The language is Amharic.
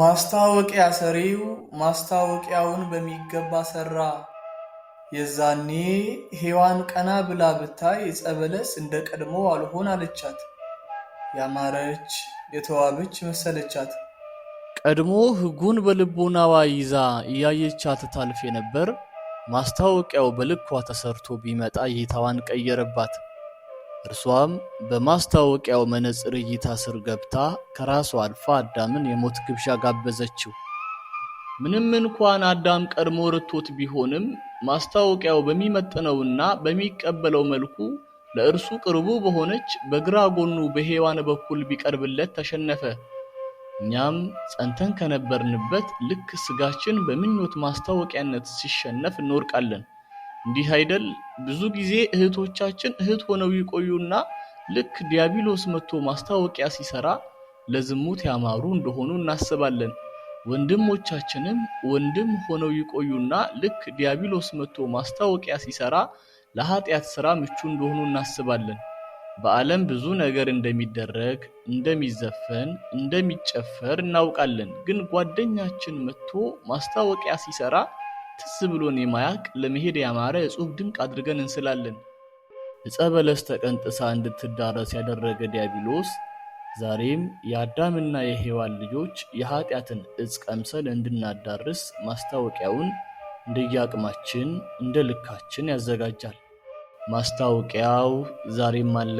ማስታወቂያ ሰሪው ማስታወቂያውን በሚገባ ሰራ የዛኔ ሔዋን ቀና ብላ ብታይ ዕፀ በለስ እንደ ቀድሞ አልሆን አለቻት። ያማረች የተዋበች መሰለቻት። ቀድሞ ሕጉን በልቦናዋ ይዛ እያየቻት ታልፌ የነበር ማስታወቂያው በልኳ ተሰርቶ ቢመጣ እይታዋን ቀየረባት። እርሷም በማስታወቂያው መነጽር እይታ ስር ገብታ ከራሷ አልፋ አዳምን የሞት ግብዣ ጋበዘችው። ምንም እንኳን አዳም ቀድሞ ርቶት ቢሆንም ማስታወቂያው በሚመጥነውና በሚቀበለው መልኩ ለእርሱ ቅርቡ በሆነች በግራ ጎኑ በሔዋን በኩል ቢቀርብለት ተሸነፈ። እኛም ጸንተን ከነበርንበት ልክ ስጋችን በምኞት ማስታወቂያነት ሲሸነፍ እንወርቃለን። እንዲህ አይደል? ብዙ ጊዜ እህቶቻችን እህት ሆነው ይቆዩና ልክ ዲያብሎስ መጥቶ ማስታወቂያ ሲሰራ ለዝሙት ያማሩ እንደሆኑ እናስባለን። ወንድሞቻችንም ወንድም ሆነው ይቆዩና ልክ ዲያብሎስ መጥቶ ማስታወቂያ ሲሰራ ለኃጢአት ሥራ ምቹ እንደሆኑ እናስባለን። በዓለም ብዙ ነገር እንደሚደረግ፣ እንደሚዘፈን፣ እንደሚጨፈር እናውቃለን። ግን ጓደኛችን መጥቶ ማስታወቂያ ሲሰራ ትስ ብሎን የማያቅ ለመሄድ ያማረ ጽሑፍ ድንቅ አድርገን እንስላለን። ዕፀ በለስ ተቀንጥሳ እንድትዳረስ ያደረገ ዲያብሎስ ዛሬም የአዳምና የሔዋን ልጆች የኃጢአትን እጽ ቀምሰን እንድናዳርስ ማስታወቂያውን እንደየአቅማችን እንደ ልካችን ያዘጋጃል። ማስታወቂያው ዛሬም አለ።